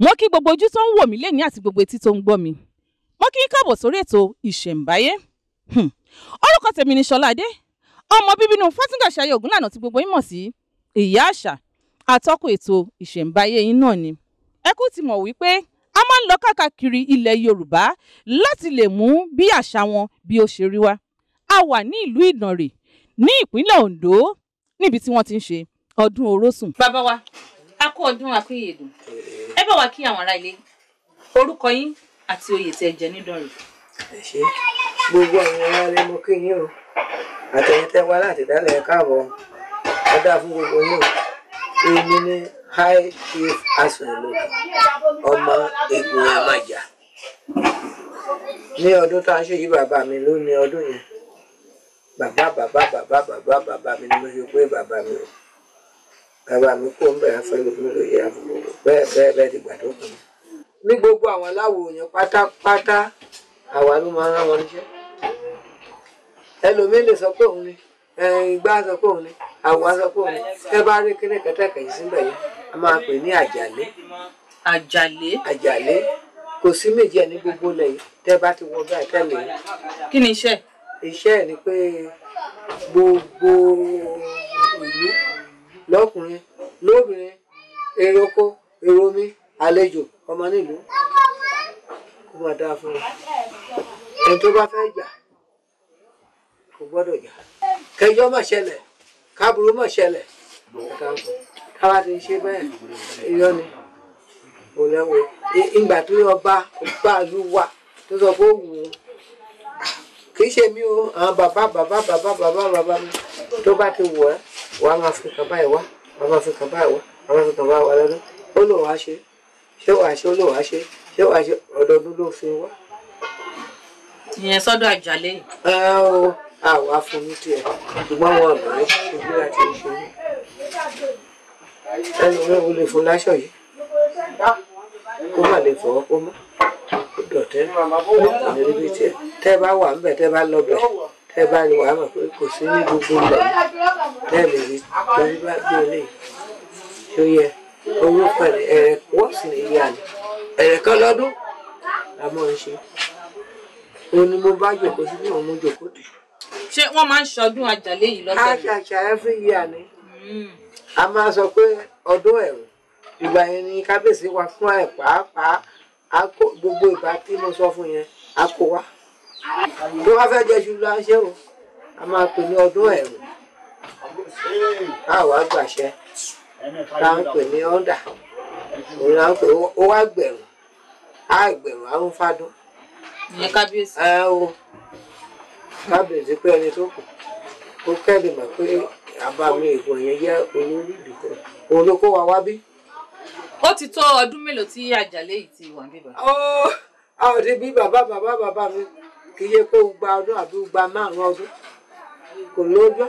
mo kí gbogbo ojú tó ń wò mí lénìí àti gbogbo etí tó ń gbọ́ mi mo kí yín káàbọ̀ sórí ètò ìṣẹ̀ǹbáyé hmm. orúkọ tèmi ni Ṣọládé ọmọ bíbí inú Fátígàṣayé Ògúnlànà tí gbogbo yín mọ̀ sí ìyá àṣà atọ́kùn ètò ìṣẹ̀ǹbáyé yín náà ni ẹ kú ti mọ̀ wípé a máa ń lọ káàkiri ilẹ̀ Yorùbá láti lè mú bí àṣà wọn bí ó ṣe rí wa a wà ní ìlú Ìdànrè ní ìpínlẹ̀ Ondo níbi tí wọ́n ti ń ṣe ọdún Orósùn. bàbá wa akọ ọdún akínyèdùn ẹ bá wa kí àwọn ará ilé orúkọ yín àti oyè tẹ jẹ nídọrẹ. ẹ ṣe gbogbo àwọn ará ilé mo kí yín o àtẹ̀yìntẹ́ wa láti dálẹ̀ káàbọ̀ ẹ dá fún gbogbo yín o èmi ni high chief aswelo ọmọ egun amaja ní ọdún tá a ṣe yí bàbá mi ló ní ọdún yẹn bàbá bàbá bàbá bàbá bàbá mi ni mo ṣe pé bàbá mi o bàbá mi kó ń bẹ̀ afẹ́lómi lóye àbúrò bẹ́ẹ̀ bẹ́ẹ̀ bẹ́ẹ̀ dìgbà tó kù. ní gbogbo àwọn aláwo yẹn pátápátá àwa ló máa ń rán wọn níṣẹ́ ẹlòmíín lè sọ pé òun ni ìgbà sọ pé òun ni àwa sọ pé òun ni ẹ bá rí kíní kẹtẹkẹ yìí síbẹ̀ yẹn a máa pè ní àjàlé. àjàlé. àjàlé kò sí méjì ẹ ní gbogbo lẹ́yìn tẹ bá ti wọ báyìí tẹlẹ. kí ni iṣẹ́. iṣẹ́ ẹ ni pé gbogbo ìlú lọ́kùnrin lóbìnrin èrò oko èrò omi àlejò ọmọ nílùú kó máa dáa fún wọn ẹni tó bá fẹ́ jà kò gbọ́dọ̀ jà kẹjọ́ má ṣẹlẹ̀ káàbùrú má ṣẹlẹ̀ káwa ti ṣe bẹ́ẹ̀ irọ́ ni kò lẹ́wọ̀ ìgbà tó yọ bá ọba àlùwà tó sọ pé ó wù ú kì í ṣe mí o àwọn bàbá bàbá bàbá bàbá mi tó bá ti wù ẹ́ wàá máa fi kàn báyìí wá wàá máa fi kàn báyìí wá wàá máa fi kàn báyìí wá lọ́dún ó lò wá ṣe ṣé wàá ṣe ó lò wá ṣe ṣé wàá ṣe ọdọọdún ló fi wá. ìyẹn sọ́dọ̀ àjàlẹ́ yìí. ẹ o àwa fún mi tiẹ̀ ṣùgbọ́n wọn ò lè ṣubú láti ṣe é ẹnu mi ò lè fún láṣọ yìí kó má lè fọwọ́ kó má dọ̀tẹ́ lọ́pọ̀ níbi tiẹ̀ tẹ́ bá wà ń bẹ̀ tẹ́ bá lọ bẹ̀ tẹ́ bá wà á mọ̀ pé kò sí ní gbogbo ìgbà yìí bẹ́ẹ̀ ni torí bá gbé lè ṣó yẹ owó pẹ̀lú ẹ̀rẹ̀ wọ́ọ̀sì ní ilé àná ẹ̀rẹ̀ kan lọ́dún la mọ̀ ń ṣe òun ni mo bá jòkó sí bí òun jòkó dì. ṣé wọ́n máa ń ṣọdún àjàlé yìí lọ́sẹ̀ yìí. a ṣàṣà every year ni hmm. a máa sọ pé ọdún ẹ̀rùn ìgbà yẹn ni kábíyèsí wa fún ẹ̀ pàápàá a kó gbogbo ìgbà tí mo sọ fún yẹn a kó wa. bí wọ́n fẹ́ jẹ́ ṣùgbọ́n a ṣe o a máa pè ní ọdún ẹ̀rùn àwa gbàṣẹ tá à ń pè ní ọ̀dà òun là ń pè ó wá gbẹ̀rún á gbẹ̀rún á ń fádún. ìyẹn kábíyèsí. ẹ o kábíyèsí pé ẹni tó kù kó kẹ́lì mọ̀ pé àbámi ìbò yẹn jẹ́ olórílùkọ olóko wa wá bí. ó ti tó ọdún mélòó tí àjàlé yìí ti wà níbà. ó a ò dé bí bàbá bàbá bàbá mi kì í yẹ kó gba ọdún àbí gba márùn ọdún kò lójọ́.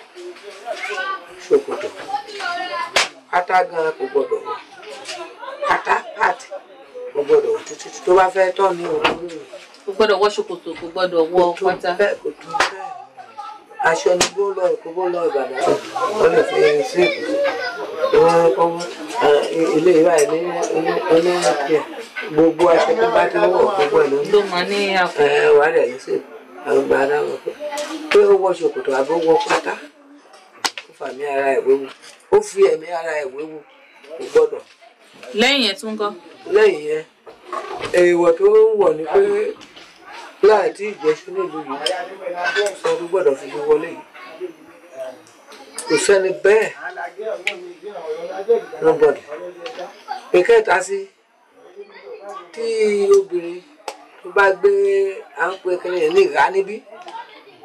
ṣòkòtò ata gan kò gbọdọ̀ wọ̀ ata pàtì kò gbọdọ̀ wọ̀ títí tó bá fẹ́ tọ́ o òun lóore. kò gbọdọ̀ wọ̀ ṣòkòtò kò gbọdọ̀ wọ̀ pátá. kò tún bẹ́ẹ̀ kò tún bẹ́ẹ̀ aṣọ ni bó lọ èkó bó lọ ìbàdàn wọn lè fi ẹyin sí èkó wọn eh, ilé ìwà ilé oníyànjú gbogbo aṣọ tó bá ti wọ̀ gbogbo ẹ̀ lónìí. ló máa ní àpò. ẹ eh, wà á dẹ̀ ní sí àwọn ìgbà aláwọ̀ o ó wọ ṣòkòtò àbí ó wọ pátá fàmí ara ẹ̀ wéwu ó fi ẹ̀mí ara ẹ̀ wéwu kò gbọ́dọ̀. lẹ́yìn yẹn tún kọ́. lẹ́yìn yẹn èèwọ̀ tó wọ̀ ni pé láì tí ìjẹ́sí nílùú yìí ọdún gbọ́dọ̀ fi wọlé yìí kò sẹ́ni bẹ́ẹ̀ nobody ìkẹta sí tí obìnrin tó bá gbé à ń pe ní ìhá níbí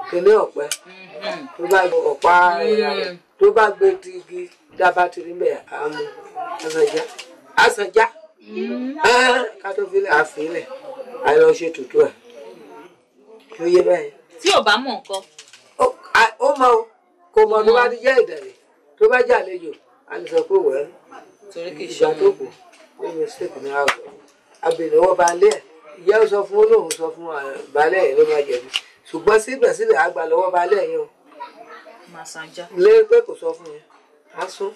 kìnìún ọ̀pẹ mm-hmm. tó bá ọ̀pá ìyá rẹ̀ tó bá gbé di igi dábà ti rí bẹ́ẹ̀ àmú àsànjá àsànjá mm-hmm. ah, ká tó fi àfilẹ̀ àìlọ́ ṣe tutù ẹ̀ ló yé bẹ́ẹ̀. tí ò bá mọ̀ nǹkan. ó mọ o kò mọ tó bá mm-hmm. ti jẹ́ ìdẹ̀rẹ̀ tó bá jẹ́ àlejò a lè sọ pé wẹ́ẹ́ ìgbà tó kù ó yẹ stéèkì ní àgọ́ abèlówó balẹ̀ ẹ̀ ìyá ó sọ fún olóhùn sọ fún ah, balẹ̀ ló máa jẹ̀bi ṣùgbọ́n síbẹ̀síbẹ̀ àgbà lọ́wọ́ balẹ̀ yẹn o máa sanjá. lé pé kò sọ fún yẹn asún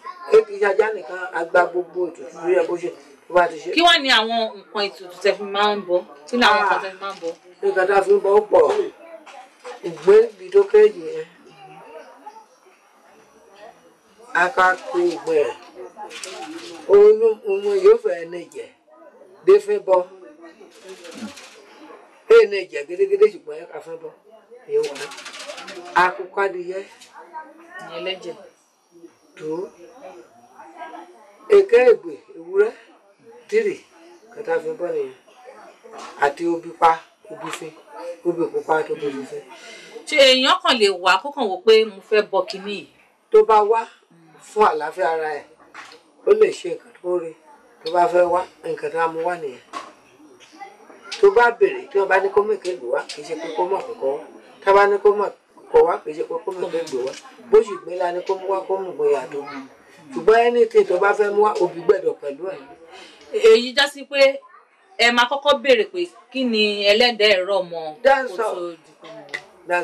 kí ajá nìkan agba gbogbo ètùtù lórí ẹ bó ṣe bó bá ti ṣe. kí wàá ní àwọn nǹkan ètùtù tẹ fi máa ń bọ kí ni àwọn nǹkan tẹ fi máa ń bọ. Ah, nǹkan tá a fi ń bọ pọ̀ ìgbé ìdókèjì yẹn akakú ìgbẹ ohun yóò fẹ́ ẹni jẹ défé bọ ẹni jẹ gédégédé ṣùgbọ́n ẹ kà fẹ́ bọ èèwọ̀ akókò adìyẹ ìyẹn ẹlẹ́jẹ̀. dùn èké ègbè ewúrẹ́ tìrì kẹta fi bọ́ nìyẹn àti obì pa obì fi obì pupa tó obì fi. ṣé èèyàn kàn lè wá kó kàn wọ pé mo fẹ́ bọ kínní yìí. tó bá wá fún àlàáfíà ara ẹ̀ ó lè ṣe nǹkan tó rí tó bá fẹ́ wá nǹkan tó á mú wá nìyẹn tó bá béèrè tí wọn bá ní kó mọ ìkéde wá kì í ṣe pé kó mọ kókó tá a bá ní kó mọ kọ wá pèsè pé kó mú pé gbé wá bó sì gbé la ni kó mú wá kó mú pé yàtọ̀ mú ṣùgbọ́n ẹni tí tó bá fẹ́ mú wá òbí gbẹ̀dọ̀ pẹ̀lú ẹ̀. èyí já sí pé ẹ máa kọ́kọ́ béèrè pé kí ni ẹlẹ́dẹ̀ ẹ̀rọ mọ kó tó di pé mo wá.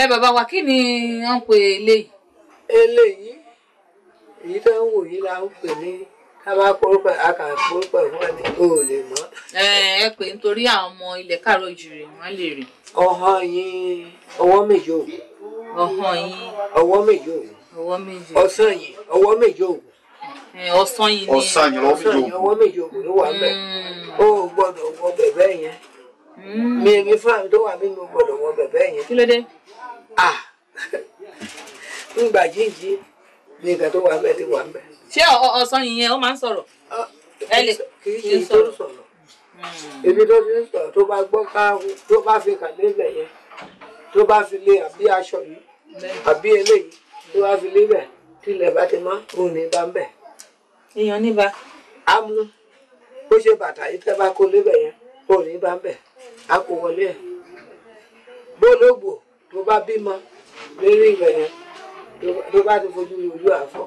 ẹ bàbá wa kí ni wọ́n ń pè eléyìí. eléyìí èyí tó ń wò yìí la ń pè ní ká bá korúkọ àkà korúkọ ìwọ ni o lè mọ. ẹ pè nítorí àwọn ọmọ ilẹ̀ káàró jùrè wọ́n lè rè. ọ̀hán yín ọwọ́ méje òògùn. ọ̀hán yín ọwọ́ méje òògùn. ọwọ́ méje òògùn. ọ̀sán yín ọwọ́ méje òògùn. ọ̀sán yín ọwọ́ méje òògùn ló wà bẹ́ẹ̀ mm. o gbọ́dọ̀ wọ bẹ̀bẹ̀ yẹn mm. mi èmi fún àmì tó wà mí mo gbọ́dọ̀ wọ bẹ̀bẹ̀ yẹn. kí ló dé. ah ń jíjí ní nǹkan tó wà bẹ́ẹ̀ ti wà bẹ́ẹ̀ ṣé ọ̀sán yìnyẹn ó máa ń sọ̀rọ̀ ẹ lè kì í tó sọ̀rọ̀ hmm. èmi tó fi ń sọ̀rọ̀ tó bá gbọ́ ká tó bá fi kàn lélẹ̀ yẹn tó bá fi lé àbí aṣọ yìí àbí eléyìí tó bá fi lélẹ̀ tilẹ̀ bá ti mọ́ òun ní bá ń bẹ̀. èèyàn ní ba. a mú bó ṣe bàtà yìí tẹ́ bá kó lébẹ̀ yẹn òun ní bá ń bẹ̀ a kò wọlé ẹ̀ bólógbò tó bá bímọ lérí ìgbẹ̀yẹn tó bá ti fojú ojú àfọ́.